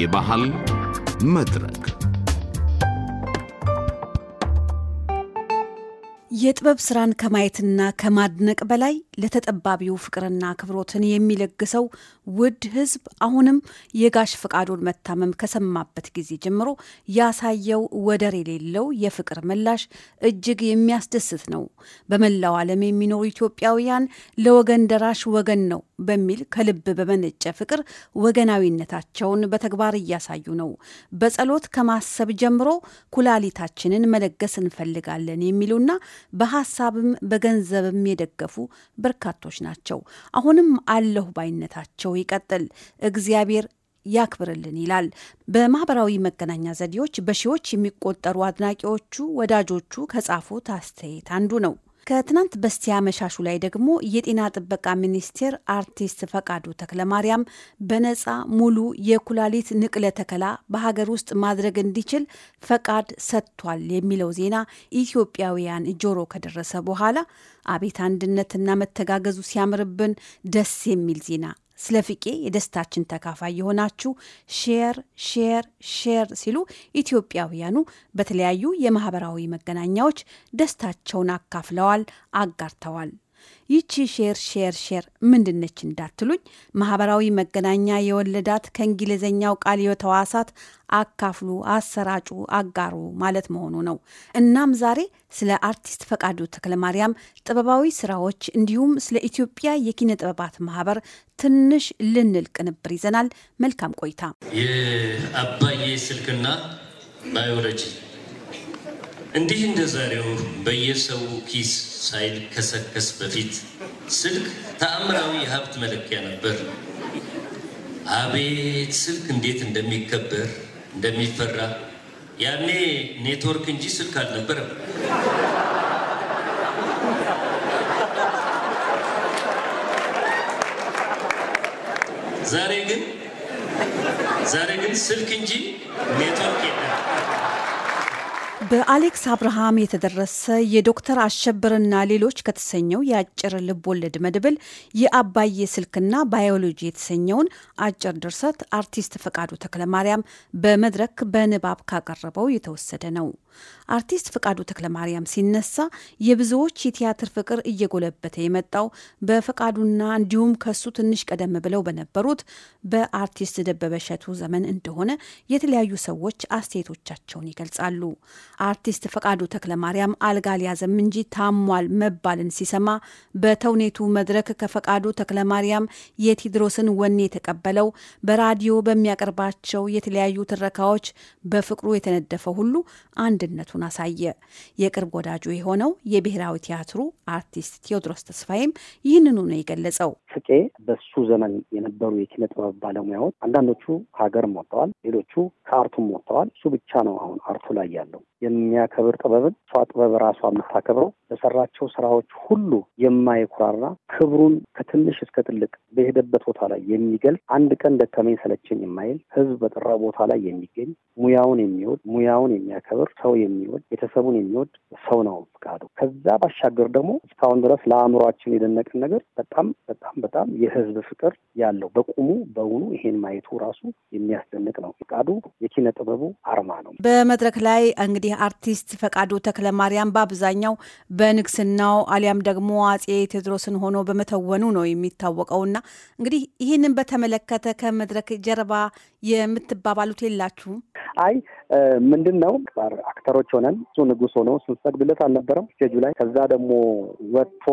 የባህል መድረክ የጥበብ ስራን ከማየትና ከማድነቅ በላይ ለተጠባቢው ፍቅርና አክብሮትን የሚለግሰው ውድ ህዝብ አሁንም የጋሽ ፈቃዱን መታመም ከሰማበት ጊዜ ጀምሮ ያሳየው ወደር የሌለው የፍቅር ምላሽ እጅግ የሚያስደስት ነው። በመላው ዓለም የሚኖሩ ኢትዮጵያውያን ለወገን ደራሽ ወገን ነው በሚል ከልብ በመነጨ ፍቅር ወገናዊነታቸውን በተግባር እያሳዩ ነው። በጸሎት ከማሰብ ጀምሮ ኩላሊታችንን መለገስ እንፈልጋለን የሚሉና በሀሳብም በገንዘብም የደገፉ በርካቶች ናቸው። አሁንም አለሁ ባይነታቸው ይቀጥል፣ እግዚአብሔር ያክብርልን ይላል። በማህበራዊ መገናኛ ዘዴዎች በሺዎች የሚቆጠሩ አድናቂዎቹ፣ ወዳጆቹ ከጻፉት አስተያየት አንዱ ነው። ከትናንት በስቲያ መሻሹ ላይ ደግሞ የጤና ጥበቃ ሚኒስቴር አርቲስት ፈቃዱ ተክለማርያም በነፃ ሙሉ የኩላሊት ንቅለ ተከላ በሀገር ውስጥ ማድረግ እንዲችል ፈቃድ ሰጥቷል የሚለው ዜና ኢትዮጵያውያን ጆሮ ከደረሰ በኋላ አቤት አንድነትና መተጋገዙ ሲያምርብን ደስ የሚል ዜና ስለ ፍቄ የደስታችን ተካፋይ የሆናችሁ ሼር ሼር ሼር ሲሉ ኢትዮጵያውያኑ በተለያዩ የማህበራዊ መገናኛዎች ደስታቸውን አካፍለዋል፣ አጋርተዋል። ይቺ ሼር ሼር ሼር ምንድነች እንዳትሉኝ፣ ማህበራዊ መገናኛ የወለዳት ከእንግሊዝኛው ቃል የተዋሳት አካፍሉ፣ አሰራጩ፣ አጋሩ ማለት መሆኑ ነው። እናም ዛሬ ስለ አርቲስት ፈቃዱ ማርያም ጥበባዊ ስራዎች እንዲሁም ስለ ኢትዮጵያ የኪነ ጥበባት ማህበር ትንሽ ልንል ቅንብር ይዘናል። መልካም ቆይታ። የአባዬ ስልክና ባዮሎጂ እንዲህ እንደ ዛሬው በየሰው ኪስ ሳይከሰከስ በፊት ስልክ ተአምራዊ የሀብት መለኪያ ነበር። አቤት ስልክ እንዴት እንደሚከበር እንደሚፈራ! ያኔ ኔትወርክ እንጂ ስልክ አልነበረም። ዛሬ ግን ዛሬ ግን ስልክ እንጂ ኔትወርክ በአሌክስ አብርሃም የተደረሰ የዶክተር አሸብርና ሌሎች ከተሰኘው የአጭር ልብ ወለድ መድብል የአባዬ ስልክና ባዮሎጂ የተሰኘውን አጭር ድርሰት አርቲስት ፈቃዱ ተክለማርያም በመድረክ በንባብ ካቀረበው የተወሰደ ነው። አርቲስት ፈቃዱ ተክለማርያም ሲነሳ የብዙዎች የቲያትር ፍቅር እየጎለበተ የመጣው በፈቃዱና እንዲሁም ከሱ ትንሽ ቀደም ብለው በነበሩት በአርቲስት ደበበ እሸቱ ዘመን እንደሆነ የተለያዩ ሰዎች አስተያየቶቻቸውን ይገልጻሉ። አርቲስት ፈቃዱ ማርያም አልጋ አልያዘም እንጂ ታሟል መባልን ሲሰማ በተውኔቱ መድረክ ከፈቃዱ ማርያም የቴድሮስን ወኔ የተቀበለው በራዲዮ በሚያቀርባቸው የተለያዩ ትረካዎች በፍቅሩ የተነደፈው ሁሉ አንድነቱን አሳየ። የቅርብ ወዳጁ የሆነው የብሔራዊ ቲያትሩ አርቲስት ቴዎድሮስ ተስፋዬም ይህንኑ ነው የገለጸው። ፍቄ በሱ ዘመን የነበሩ የኪነ ጥበብ ባለሙያዎች አንዳንዶቹ ከሀገርም ወጥተዋል፣ ሌሎቹ ከአርቱም ወጥተዋል። እሱ ብቻ ነው አሁን አርቱ ላይ ያለው የሚያከብር ጥበብን እሷ ጥበብ ራሷ የምታከብረው ለሰራቸው ስራዎች ሁሉ የማይኩራራ ክብሩን ከትንሽ እስከ ትልቅ በሄደበት ቦታ ላይ የሚገልጽ አንድ ቀን ደከመኝ ሰለቸኝ የማይል ህዝብ በጠራው ቦታ ላይ የሚገኝ ሙያውን የሚወድ ሙያውን የሚያከብር ሰው የሚወድ ቤተሰቡን የሚወድ ሰው ነው ፍቃዱ። ከዛ ባሻገር ደግሞ እስካሁን ድረስ ለአእምሯችን የደነቀን ነገር በጣም በጣም በጣም የህዝብ ፍቅር ያለው በቁሙ በውኑ ይሄን ማየቱ ራሱ የሚያስደንቅ ነው። ፍቃዱ የኪነ ጥበቡ አርማ ነው። በመድረክ ላይ እንግዲህ አርቲስት ፈቃዱ ማርያም በአብዛኛው በንግስናው አሊያም ደግሞ አጼ ቴዎድሮስን ሆኖ በመተወኑ ነው የሚታወቀውና እንግዲህ ይህንን በተመለከተ ከመድረክ ጀርባ የምትባባሉት የላችሁም? አይ ምንድን ነው አክተሮች ሆነን እሱ ንጉስ ሆኖ ስንሰግድለት አልነበረም ስቴጁ ላይ። ከዛ ደግሞ ወጥቶ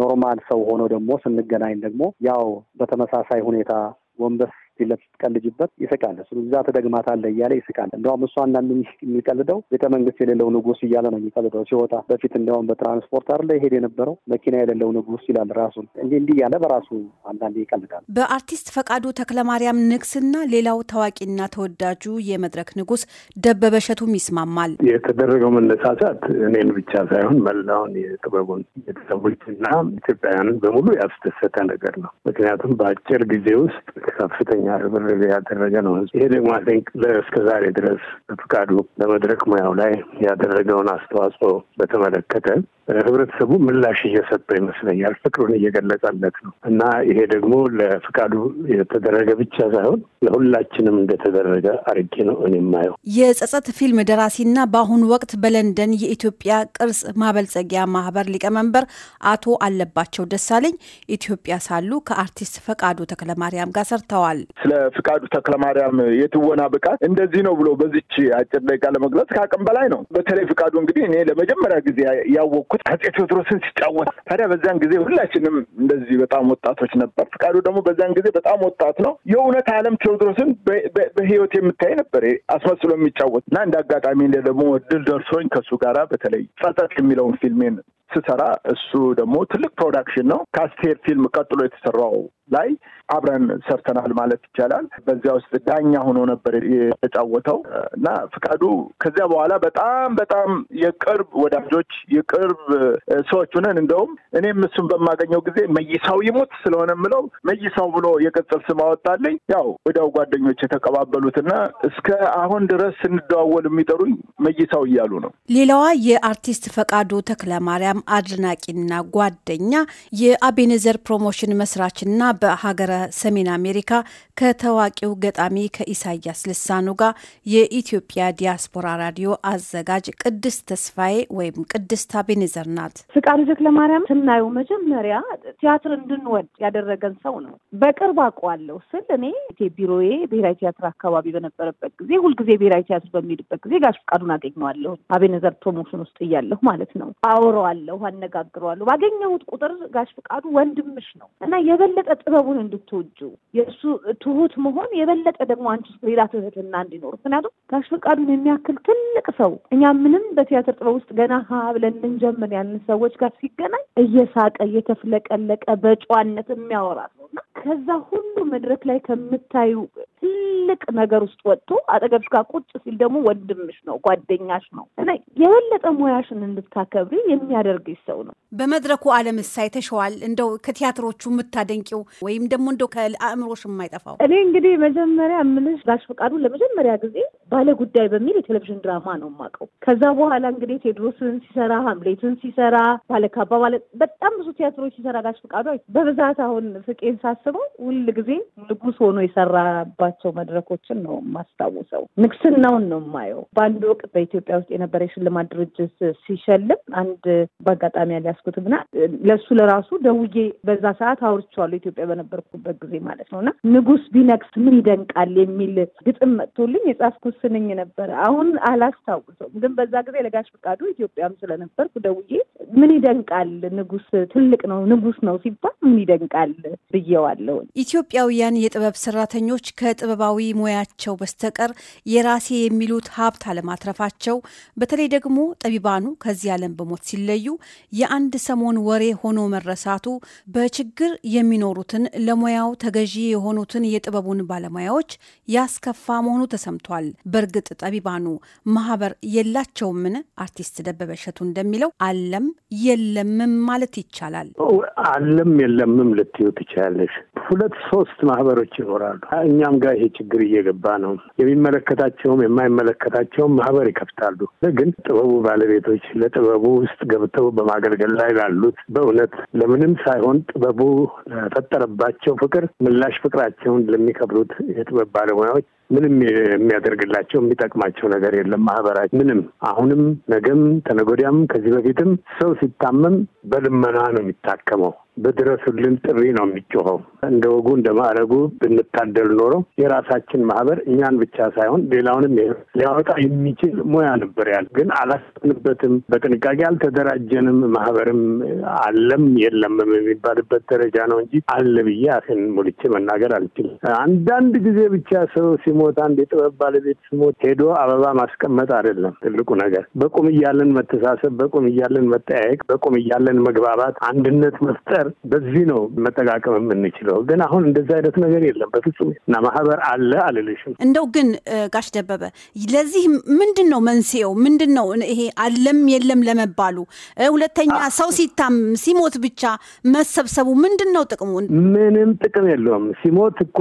ኖርማል ሰው ሆኖ ደግሞ ስንገናኝ ደግሞ ያው በተመሳሳይ ሁኔታ ጎንበስ ፊት ለፊት ስትቀልጅበት ይስቃል። እሱ እዛ ትደግማታለህ እያለ ይስቃል። እንደውም እሱ አንዳንድ የሚቀልደው ቤተ መንግስት የሌለው ንጉስ እያለ ነው የሚቀልደው ሲወጣ። በፊት እንደውም በትራንስፖርት አለ ይሄድ የነበረው መኪና የሌለው ንጉስ ይላል ራሱን እንጂ እንዲህ እያለ በራሱ አንዳንዴ ይቀልዳል። በአርቲስት ፈቃዱ ተክለማርያም ንግስና ሌላው ታዋቂና ተወዳጁ የመድረክ ንጉስ ደበበ እሸቱም ይስማማል። የተደረገው መነሳሳት እኔን ብቻ ሳይሆን መላውን የጥበቡን ቤተሰቦች እና ኢትዮጵያውያንን በሙሉ ያስደሰተ ነገር ነው። ምክንያቱም በአጭር ጊዜ ውስጥ ከፍተኛ ርብርብ ያደረገ ነው። ይሄ ደግሞ አደንቅ እስከ ዛሬ ድረስ በፍቃዱ በመድረክ ሙያው ላይ ያደረገውን አስተዋጽኦ በተመለከተ ህብረተሰቡ ምላሽ እየሰጠው ይመስለኛል። ፍቅሩን እየገለጸለት ነው እና ይሄ ደግሞ ለፍቃዱ የተደረገ ብቻ ሳይሆን ለሁላችንም እንደተደረገ አርጌ ነው እኔ የማየው። የጸጸት ፊልም ደራሲና በአሁኑ ወቅት በለንደን የኢትዮጵያ ቅርስ ማበልጸጊያ ማህበር ሊቀመንበር አቶ አለባቸው ደሳለኝ ኢትዮጵያ ሳሉ ከአርቲስት ፈቃዱ ተክለማርያም ጋር ሰርተዋል። ስለ ፍቃዱ ተክለማርያም የትወና ብቃት እንደዚህ ነው ብሎ በዚች አጭር ደቂቃ ለመግለጽ ከአቅም በላይ ነው። በተለይ ፍቃዱ እንግዲህ እኔ ለመጀመሪያ ጊዜ ያወቅኩት አፄ ቴዎድሮስን ሲጫወት፣ ታዲያ በዛን ጊዜ ሁላችንም እንደዚህ በጣም ወጣቶች ነበር። ፍቃዱ ደግሞ በዚያን ጊዜ በጣም ወጣት ነው። የእውነት ዓለም ቴዎድሮስን በህይወት የምታይ ነበር አስመስሎ የሚጫወት እና እንደ አጋጣሚ ደግሞ ድል ደርሶኝ ከእሱ ጋራ በተለይ ጸጸት የሚለውን ፊልሜን ስሰራ እሱ ደግሞ ትልቅ ፕሮዳክሽን ነው። ከአስቴር ፊልም ቀጥሎ የተሰራው ላይ አብረን ሰርተናል ማለት ይቻላል። በዚያ ውስጥ ዳኛ ሆኖ ነበር የተጫወተው እና ፍቃዱ ከዚያ በኋላ በጣም በጣም የቅርብ ወዳጆች የቅርብ ሰዎች ሆነን እንደውም እኔም እሱን በማገኘው ጊዜ መይሳው ይሙት ስለሆነ ምለው መይሳው ብሎ የቅጽል ስም አወጣልኝ። ያው ወዲያው ጓደኞች እና እስከ አሁን ድረስ ስንደዋወል የሚጠሩኝ መይሳው እያሉ ነው። ሌላዋ የአርቲስት ፈቃዱ ተክለማርያም በጣም አድናቂና ጓደኛ የአቤኔዘር ፕሮሞሽን መስራችና በሀገረ ሰሜን አሜሪካ ከታዋቂው ገጣሚ ከኢሳያስ ልሳኑ ጋር የኢትዮጵያ ዲያስፖራ ራዲዮ አዘጋጅ ቅድስት ተስፋዬ ወይም ቅድስት አቤኔዘር ናት። ፍቃዱ ተክለማርያም ስናየው መጀመሪያ ቲያትር እንድንወድ ያደረገን ሰው ነው። በቅርብ አውቀዋለሁ ስል እኔ ቢሮዬ ብሔራዊ ቲያትር አካባቢ በነበረበት ጊዜ ሁልጊዜ ብሔራዊ ቲያትር በሚሄድበት ጊዜ ጋሽ ፍቃዱን አገኘዋለሁ። አቤኔዘር ፕሮሞሽን ውስጥ እያለሁ ማለት ነው። አውረዋለሁ ውሃ አነጋግረዋለሁ። ባገኘሁት ቁጥር ጋሽ ፍቃዱ ወንድምሽ ነው እና የበለጠ ጥበቡን እንድትወጁ የእሱ ትሁት መሆን የበለጠ ደግሞ አንቺ ውስጥ ሌላ ትህትና እንዲኖር ምክንያቱም ጋሽ ፍቃዱን የሚያክል ትልቅ ሰው እኛ ምንም በቲያትር ጥበብ ውስጥ ገና ሀ ብለን እንጀምር ያንን ሰዎች ጋር ሲገናኝ እየሳቀ እየተፍለቀለቀ በጨዋነት የሚያወራ ነው እና ከዛ ሁሉ መድረክ ላይ ከምታዩ ትልቅ ነገር ውስጥ ወጥቶ አጠገብሽ ጋር ቁጭ ሲል ደግሞ ወንድምሽ ነው፣ ጓደኛሽ ነው እና የበለጠ ሙያሽን እንድታከብሪ የሚያደርግሽ ሰው ነው። በመድረኩ ዓለምስ ተሸዋል እንደው ከቲያትሮቹ የምታደንቂው ወይም ደግሞ እንደው ከአእምሮሽ የማይጠፋው? እኔ እንግዲህ መጀመሪያ ምልሽ ጋሽ ፈቃዱ ለመጀመሪያ ጊዜ ባለ ጉዳይ በሚል የቴሌቪዥን ድራማ ነው የማውቀው። ከዛ በኋላ እንግዲህ ቴድሮስን ሲሰራ፣ ሀምሌትን ሲሰራ፣ ባለካባ ባለ በጣም ብዙ ቲያትሮች ሲሰራ ጋሽ ፈቃዱ በብዛት አሁን ፍቄን ሳስበው ሳስበው ሁል ጊዜ ንጉስ ሆኖ የሰራባቸው መድረኮችን ነው የማስታውሰው። ንግስናውን ነው የማየው። በአንድ ወቅት በኢትዮጵያ ውስጥ የነበረ የሽልማት ድርጅት ሲሸልም አንድ በአጋጣሚ ያልያዝኩትም እና ለእሱ ለራሱ ደውዬ በዛ ሰዓት አውርቼዋለሁ ኢትዮጵያ በነበርኩበት ጊዜ ማለት ነው እና ንጉስ ቢነግስ ምን ይደንቃል የሚል ግጥም መጥቶልኝ የጻፍኩት ስንኝ ነበረ። አሁን አላስታውሰውም፣ ግን በዛ ጊዜ ለጋሽ ፈቃዱ ኢትዮጵያም ስለነበርኩ ደውዬ ምን ይደንቃል ንጉስ ትልቅ ነው ንጉስ ነው ሲባል ምን ይደንቃል ብዬዋል። አለው። ኢትዮጵያውያን የጥበብ ሰራተኞች ከጥበባዊ ሙያቸው በስተቀር የራሴ የሚሉት ሀብት አለማትረፋቸው፣ በተለይ ደግሞ ጠቢባኑ ከዚህ ዓለም በሞት ሲለዩ የአንድ ሰሞን ወሬ ሆኖ መረሳቱ በችግር የሚኖሩትን ለሙያው ተገዢ የሆኑትን የጥበቡን ባለሙያዎች ያስከፋ መሆኑ ተሰምቷል። በእርግጥ ጠቢባኑ ማህበር የላቸውምን? አርቲስት ደበበ እሸቱ እንደሚለው አለም የለምም ማለት ይቻላል። አለም የለምም ልትዩ ትችላለሽ። ሁለት ሶስት ማህበሮች ይኖራሉ። እኛም ጋር ይሄ ችግር እየገባ ነው። የሚመለከታቸውም የማይመለከታቸውም ማህበር ይከፍታሉ። ግን ጥበቡ ባለቤቶች ለጥበቡ ውስጥ ገብተው በማገልገል ላይ ላሉት በእውነት ለምንም ሳይሆን ጥበቡ ለፈጠረባቸው ፍቅር ምላሽ ፍቅራቸውን ለሚከብሩት የጥበብ ባለሙያዎች ምንም የሚያደርግላቸው የሚጠቅማቸው ነገር የለም። ማህበራት ምንም አሁንም፣ ነገም፣ ተነጎዲያም ከዚህ በፊትም ሰው ሲታመም በልመና ነው የሚታከመው። በድረሱልን ጥሪ ነው የሚጮኸው። እንደ ወጉ እንደ ማዕረጉ ብንታደል ኖሮ የራሳችን ማህበር እኛን ብቻ ሳይሆን ሌላውንም ሊያወጣ የሚችል ሙያ ነበር ያለ። ግን አላሰብንበትም፣ በጥንቃቄ አልተደራጀንም። ማህበርም አለም የለምም የሚባልበት ደረጃ ነው እንጂ አለ ብዬ አፌን ሞልቼ መናገር አልችልም። አንዳንድ ጊዜ ብቻ ሰው ሲሞት፣ አንድ የጥበብ ባለቤት ሲሞት ሄዶ አበባ ማስቀመጥ አይደለም ትልቁ ነገር። በቁም እያለን መተሳሰብ፣ በቁም እያለን መጠያየቅ፣ በቁም እያለን መግባባት፣ አንድነት መፍጠር በዚህ ነው መጠቃቀም የምንችለው። ግን አሁን እንደዚህ አይነት ነገር የለም በፍጹም እና ማህበር አለ አልልሽም። እንደው ግን ጋሽ ደበበ ለዚህ ምንድን ነው መንስኤው ምንድን ነው? ይሄ አለም የለም ለመባሉ፣ ሁለተኛ ሰው ሲታም ሲሞት ብቻ መሰብሰቡ ምንድን ነው ጥቅሙ? ምንም ጥቅም የለውም። ሲሞት እኮ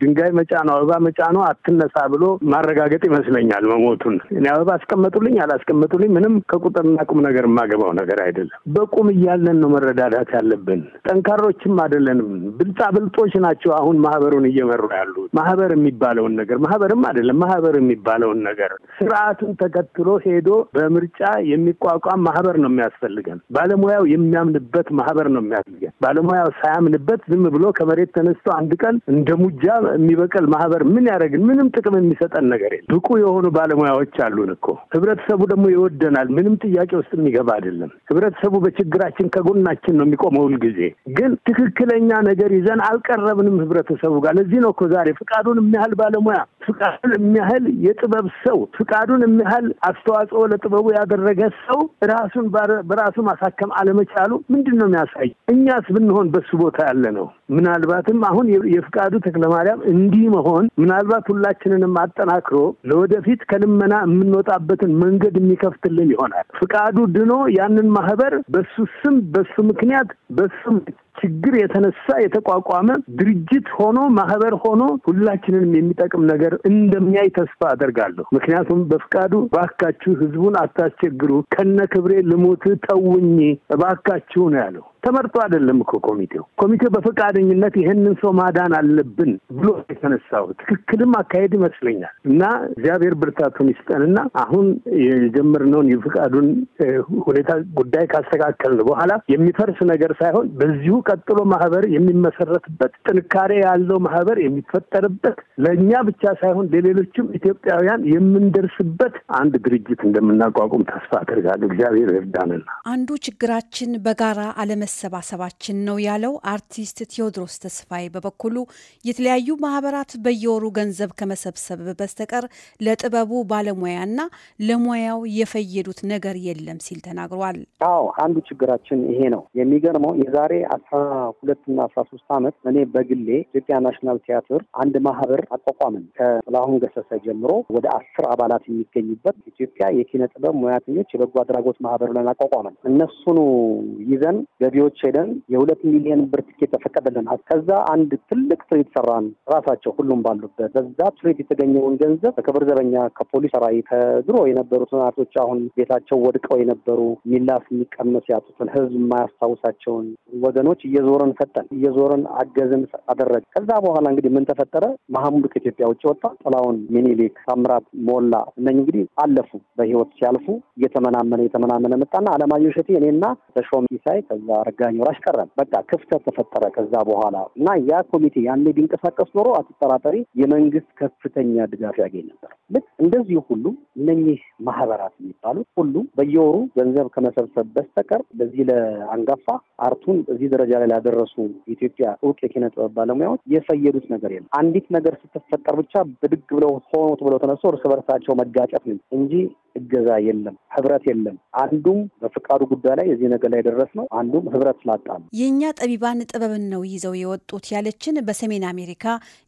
ድንጋይ መጫኑ አበባ መጫኑ አትነሳ ብሎ ማረጋገጥ ይመስለኛል መሞቱን። እኔ አበባ አስቀመጡልኝ አላስቀመጡልኝ ምንም ከቁጥርና ቁም ነገር የማገባው ነገር አይደለም። በቁም እያለን ነው መረዳዳት ያለብን። አይደለን፣ ጠንካሮችም አይደለንም። ብልጣ ብልጦች ናቸው አሁን ማህበሩን እየመሩ ያሉ። ማህበር የሚባለውን ነገር ማህበርም አይደለም ማህበር የሚባለውን ነገር ስርዓቱን ተከትሎ ሄዶ በምርጫ የሚቋቋም ማህበር ነው የሚያስፈልገን። ባለሙያው የሚያምንበት ማህበር ነው የሚያስፈልገን። ባለሙያው ሳያምንበት ዝም ብሎ ከመሬት ተነስቶ አንድ ቀን እንደ ሙጃ የሚበቅል ማህበር ምን ያደረግን? ምንም ጥቅም የሚሰጠን ነገር የለም። ብቁ የሆኑ ባለሙያዎች አሉን እኮ። ህብረተሰቡ ደግሞ ይወደናል። ምንም ጥያቄ ውስጥ የሚገባ አይደለም። ህብረተሰቡ በችግራችን ከጎናችን ነው የሚቆመው ሁልጊዜ ጊዜ ግን ትክክለኛ ነገር ይዘን አልቀረብንም ህብረተሰቡ ጋር። ለዚህ ነው እኮ ዛሬ ፍቃዱን የሚያህል ባለሙያ፣ ፍቃዱን የሚያህል የጥበብ ሰው፣ ፍቃዱን የሚያህል አስተዋጽኦ ለጥበቡ ያደረገ ሰው ራሱን በራሱ ማሳከም አለመቻሉ ምንድን ነው የሚያሳይ? እኛስ ብንሆን በሱ ቦታ ያለ ነው ምናልባትም አሁን የፍቃዱ ማርያም እንዲህ መሆን ምናልባት ሁላችንንም አጠናክሮ ለወደፊት ከልመና የምንወጣበትን መንገድ የሚከፍትልን ይሆናል። ፍቃዱ ድኖ ያንን ማህበር በሱ ስም በሱ ምክንያት በሱ ችግር የተነሳ የተቋቋመ ድርጅት ሆኖ ማህበር ሆኖ ሁላችንንም የሚጠቅም ነገር እንደሚያይ ተስፋ አደርጋለሁ። ምክንያቱም በፍቃዱ እባካችሁ ህዝቡን አታስቸግሩ፣ ከነ ክብሬ ልሙት ተውኝ እባካችሁ ነው ያለው። ተመርጦ አይደለም እኮ ኮሚቴው ኮሚቴው በፈቃደኝነት ይህንን ሰው ማዳን አለብን ብሎ የተነሳው ትክክልም አካሄድ ይመስለኛል። እና እግዚአብሔር ብርታቱን ይስጠንና አሁን የጀመርነውን የፍቃዱን ሁኔታ ጉዳይ ካስተካከልን በኋላ የሚፈርስ ነገር ሳይሆን በዚሁ ቀጥሎ ማህበር የሚመሰረትበት ጥንካሬ ያለው ማህበር የሚፈጠርበት ለእኛ ብቻ ሳይሆን ለሌሎችም ኢትዮጵያውያን የምንደርስበት አንድ ድርጅት እንደምናቋቁም ተስፋ አደርጋለሁ። እግዚአብሔር ይርዳንና አንዱ ችግራችን በጋራ አለመሰባሰባችን ነው ያለው አርቲስት ቴዎድሮስ ተስፋዬ በበኩሉ የተለያዩ ማህበራት በየወሩ ገንዘብ ከመሰብሰብ በስተቀር ለጥበቡ ባለሙያና ለሙያው የፈየዱት ነገር የለም ሲል ተናግሯል። አዎ አንዱ ችግራችን ይሄ ነው። የሚገርመው የዛሬ አስራ ሁለትና አስራ ሶስት ዓመት እኔ በግሌ ኢትዮጵያ ናሽናል ቲያትር አንድ ማህበር አቋቋምን። ከጥላሁን ገሰሰ ጀምሮ ወደ አስር አባላት የሚገኙበት ኢትዮጵያ የኪነ ጥበብ ሙያተኞች የበጎ አድራጎት ማህበር ብለን አቋቋምን። እነሱኑ ይዘን ገቢዎች ሄደን የሁለት ሚሊዮን ብር ትኬት ተፈቀደልን። ከዛ አንድ ትልቅ ትርኢት ሰራን። ራሳቸው ሁሉም ባሉበት በዛ ትርኢት የተገኘውን ገንዘብ ከክብር ዘበኛ፣ ከፖሊስ ሰራዊት፣ ከድሮ የነበሩ ትናንቶች አሁን ቤታቸው ወድቀው የነበሩ ሚላስ የሚቀመስ ያጡትን ህዝብ የማያስታውሳቸውን ወገኖች እየዞረን ሰጠን፣ እየዞረን አገዝን፣ አደረግ። ከዛ በኋላ እንግዲህ ምን ተፈጠረ? መሐሙድ ከኢትዮጵያ ውጭ ወጣ። ጥላውን፣ ሚኒሊክ፣ ሳምራት፣ ሞላ እነኝ እንግዲህ አለፉ። በህይወት ሲያልፉ እየተመናመነ እየተመናመነ መጣና አለማየሁ እሸቴ እኔና ተሾም ሲሳይ ከዛ ረጋኝ ወራሽ ቀረን። በቃ ክፍተት ተፈጠረ። ከዛ በኋላ እና ያ ኮሚቴ ያ ያኔ ቢንቀሳቀስ ኖሮ አትጠራጠሪ የመንግስት ከፍተኛ ድጋፍ ያገኝ ነበር። ልክ እንደዚሁ ሁሉ እነኚህ ማህበራት የሚባሉት ሁሉም በየወሩ ገንዘብ ከመሰብሰብ በስተቀር በዚህ ለአንጋፋ አርቱን እዚህ ደረጃ ላይ ላደረሱ የኢትዮጵያ እውቅ የኪነ ጥበብ ባለሙያዎች የፈየዱት ነገር የለም። አንዲት ነገር ስትፈጠር ብቻ ብድግ ብለው ሆኖት ብለው ተነሶ እርስ በርሳቸው መጋጨት ነው እንጂ እገዛ የለም፣ ህብረት የለም። አንዱም በፍቃዱ ጉዳይ ላይ የዚህ ነገር ላይ ደረስ ነው፣ አንዱም ህብረት ስላጣ ነው። የእኛ ጠቢባን ጥበብን ነው ይዘው የወጡት ያለችን በሰ በሰሜን አሜሪካ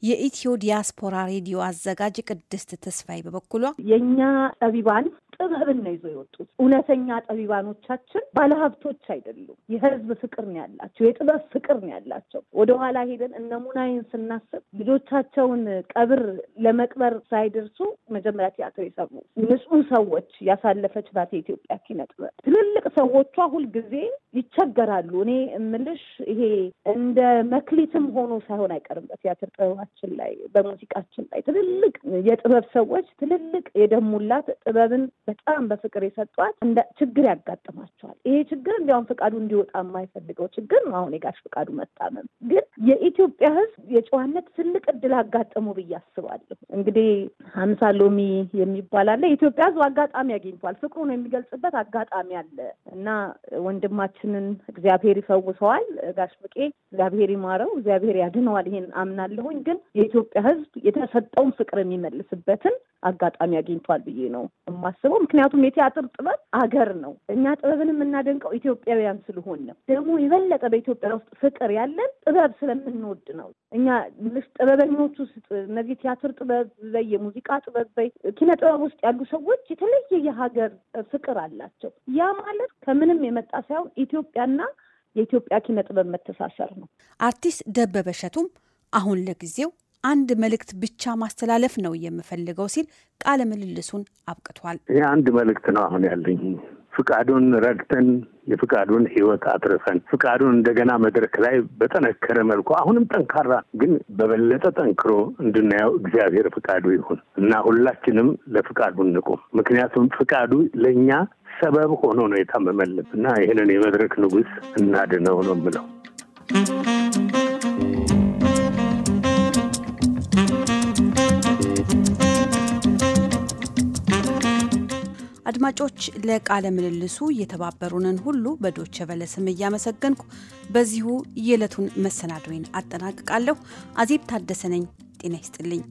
የኢትዮ ዲያስፖራ ሬዲዮ አዘጋጅ ቅድስት ተስፋይ በበኩሏ የእኛ ጠቢባን ጥበብን ነው ይዞ የወጡት። እውነተኛ ጠቢባኖቻችን ባለሀብቶች አይደሉም። የህዝብ ፍቅር ነው ያላቸው፣ የጥበብ ፍቅር ነው ያላቸው። ወደኋላ ሄደን እነ ሙናይን ስናስብ ልጆቻቸውን ቀብር ለመቅበር ሳይደርሱ መጀመሪያ ቲያትር የሰሩ ንጹህ ሰዎች ያሳለፈች የኢትዮጵያ ኪነ ጥበብ። ትልልቅ ሰዎቿ ሁልጊዜ ይቸገራሉ። እኔ እምልሽ ይሄ እንደ መክሊትም ሆኖ ሳይሆን አይቀርም በቲያትር ጥበባችን ላይ በሙዚቃችን ላይ ትልልቅ የጥበብ ሰዎች ትልልቅ የደሙላት ጥበብን በጣም በፍቅር የሰጧት እንደ ችግር ያጋጥማቸዋል። ይሄ ችግር እንዲያውም ፍቃዱ እንዲወጣ የማይፈልገው ችግር ነው። አሁን የጋሽ ፍቃዱ መታመም ግን የኢትዮጵያ ሕዝብ የጨዋነት ትልቅ እድል አጋጠሙ ብዬ አስባለሁ። እንግዲህ ሀምሳ ሎሚ የሚባል አለ። የኢትዮጵያ ሕዝብ አጋጣሚ አግኝቷል። ፍቅሩን የሚገልጽበት አጋጣሚ አለ እና ወንድማችንን እግዚአብሔር ይፈውሰዋል። ጋሽ ፍቄ እግዚአብሔር ይማረው፣ እግዚአብሔር ያድነዋል። ይሄን አምናለሁኝ። ግን የኢትዮጵያ ሕዝብ የተሰጠውን ፍቅር የሚመልስበትን አጋጣሚ አግኝቷል ብዬ ነው የማስበው። ምክንያቱም የቲያትር ጥበብ አገር ነው። እኛ ጥበብን የምናደንቀው ኢትዮጵያውያን ስለሆን ነው። ደግሞ የበለጠ በኢትዮጵያ ውስጥ ፍቅር ያለን ጥበብ ስለምንወድ ነው። እኛ ጥበበኞቹ እነዚህ ቲያትር ጥበብ በይ፣ የሙዚቃ ጥበብ በይ፣ ኪነ ጥበብ ውስጥ ያሉ ሰዎች የተለየ የሀገር ፍቅር አላቸው። ያ ማለት ከምንም የመጣ ሳይሆን ኢትዮጵያና የኢትዮጵያ ኪነ ጥበብ መተሳሰር ነው። አርቲስት ደበበ እሸቱም አሁን ለጊዜው አንድ መልእክት ብቻ ማስተላለፍ ነው የምፈልገው ሲል ቃለ ምልልሱን አብቅቷል። ይህ አንድ መልእክት ነው አሁን ያለኝ። ፍቃዱን ረግተን የፍቃዱን ሕይወት አትርፈን ፍቃዱን እንደገና መድረክ ላይ በጠነከረ መልኩ አሁንም ጠንካራ ግን በበለጠ ጠንክሮ እንድናየው እግዚአብሔር ፍቃዱ ይሁን እና ሁላችንም ለፍቃዱ እንቁም። ምክንያቱም ፍቃዱ ለእኛ ሰበብ ሆኖ ነው የታመመልን እና ይህንን የመድረክ ንጉሥ እናድነው ነው የምለው። አድማጮች ለቃለ ምልልሱ እየተባበሩንን ሁሉ በዶቸ በለ ስም እያመሰገንኩ በዚሁ የዕለቱን መሰናዶይን አጠናቅቃለሁ። አዜብ ታደሰ ነኝ። ጤና ይስጥልኝ።